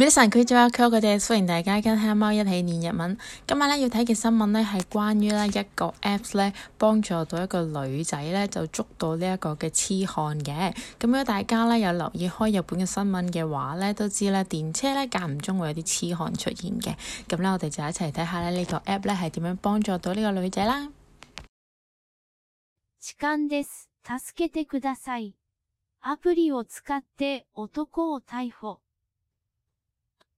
皆さんこんにちは。阿 Q，我哋歡迎大家跟黑貓一起練日文。今晚咧要睇嘅新聞呢，係關於咧一個 apps 咧，幫助到一個女仔咧，就捉到呢一個嘅痴漢嘅。咁如果大家咧有留意開日本嘅新聞嘅話咧，都知咧電車咧間唔中會有啲痴漢出現嘅。咁咧我哋就一齊睇下咧呢個 app 咧係點樣幫助到呢個女仔啦。痴漢です。助けてください。アプリを使って男を逮捕。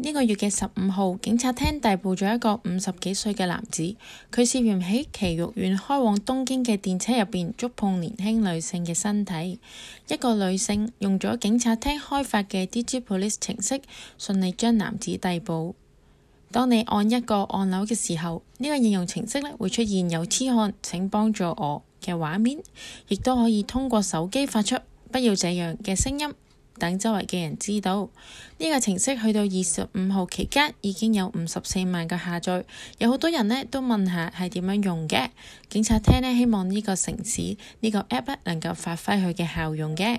呢個月嘅十五號，警察廳逮捕咗一個五十幾歲嘅男子，佢涉嫌喺埼玉縣開往東京嘅電車入邊觸碰年輕女性嘅身體。一個女性用咗警察廳開發嘅 Digi Police 程式，順利將男子逮捕。當你按一個按鈕嘅時候，呢、呢個應用程式咧會出現有痴漢，請幫助我嘅畫面，亦都可以通過手機發出不要這樣嘅聲音。等周圍嘅人知道呢個程式，去到二十五號期間，已經有五十四萬嘅下載，有好多人呢都問下係點樣用嘅。警察廳呢希望呢個城市，呢個 app 能夠發揮佢嘅效用嘅。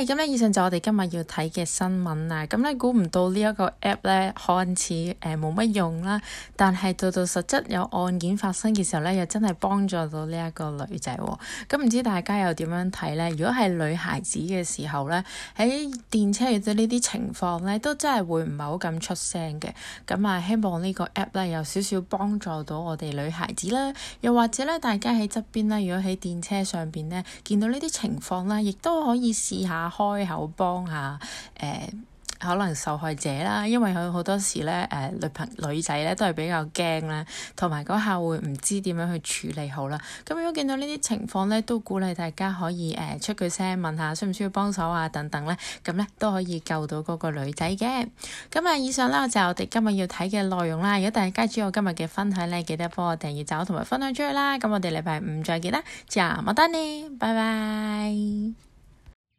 咁咧、嗯，以上就我哋今日要睇嘅新聞啦。咁、嗯、咧，估唔到呢一個 App 咧，看似誒冇乜用啦，但係到到實質有案件發生嘅時候咧，又真係幫助到呢一個女仔、哦。咁、嗯、唔知大家又點樣睇咧？如果係女孩子嘅時候咧，喺電車嘅啫呢啲情況咧，都真係會唔係好敢出聲嘅。咁、嗯、啊，希望呢個 App 咧有少少幫助到我哋女孩子啦。又或者咧，大家喺側邊咧，如果喺電車上邊咧見到呢啲情況咧，亦都可以試下。開口幫下誒、呃，可能受害者啦，因為佢好多時咧誒、呃，女朋女仔咧都係比較驚啦，同埋嗰下會唔知點樣去處理好啦。咁如果見到呢啲情況咧，都鼓勵大家可以誒、呃，出句聲問下，需唔需要幫手啊等等咧，咁咧都可以救到嗰個女仔嘅。咁啊，以上啦就係我哋今日要睇嘅內容啦。如果大家中意我今日嘅分享咧，記得幫我訂閱走同埋分享出去啦。咁我哋禮拜五再見啦，Jammy，拜拜。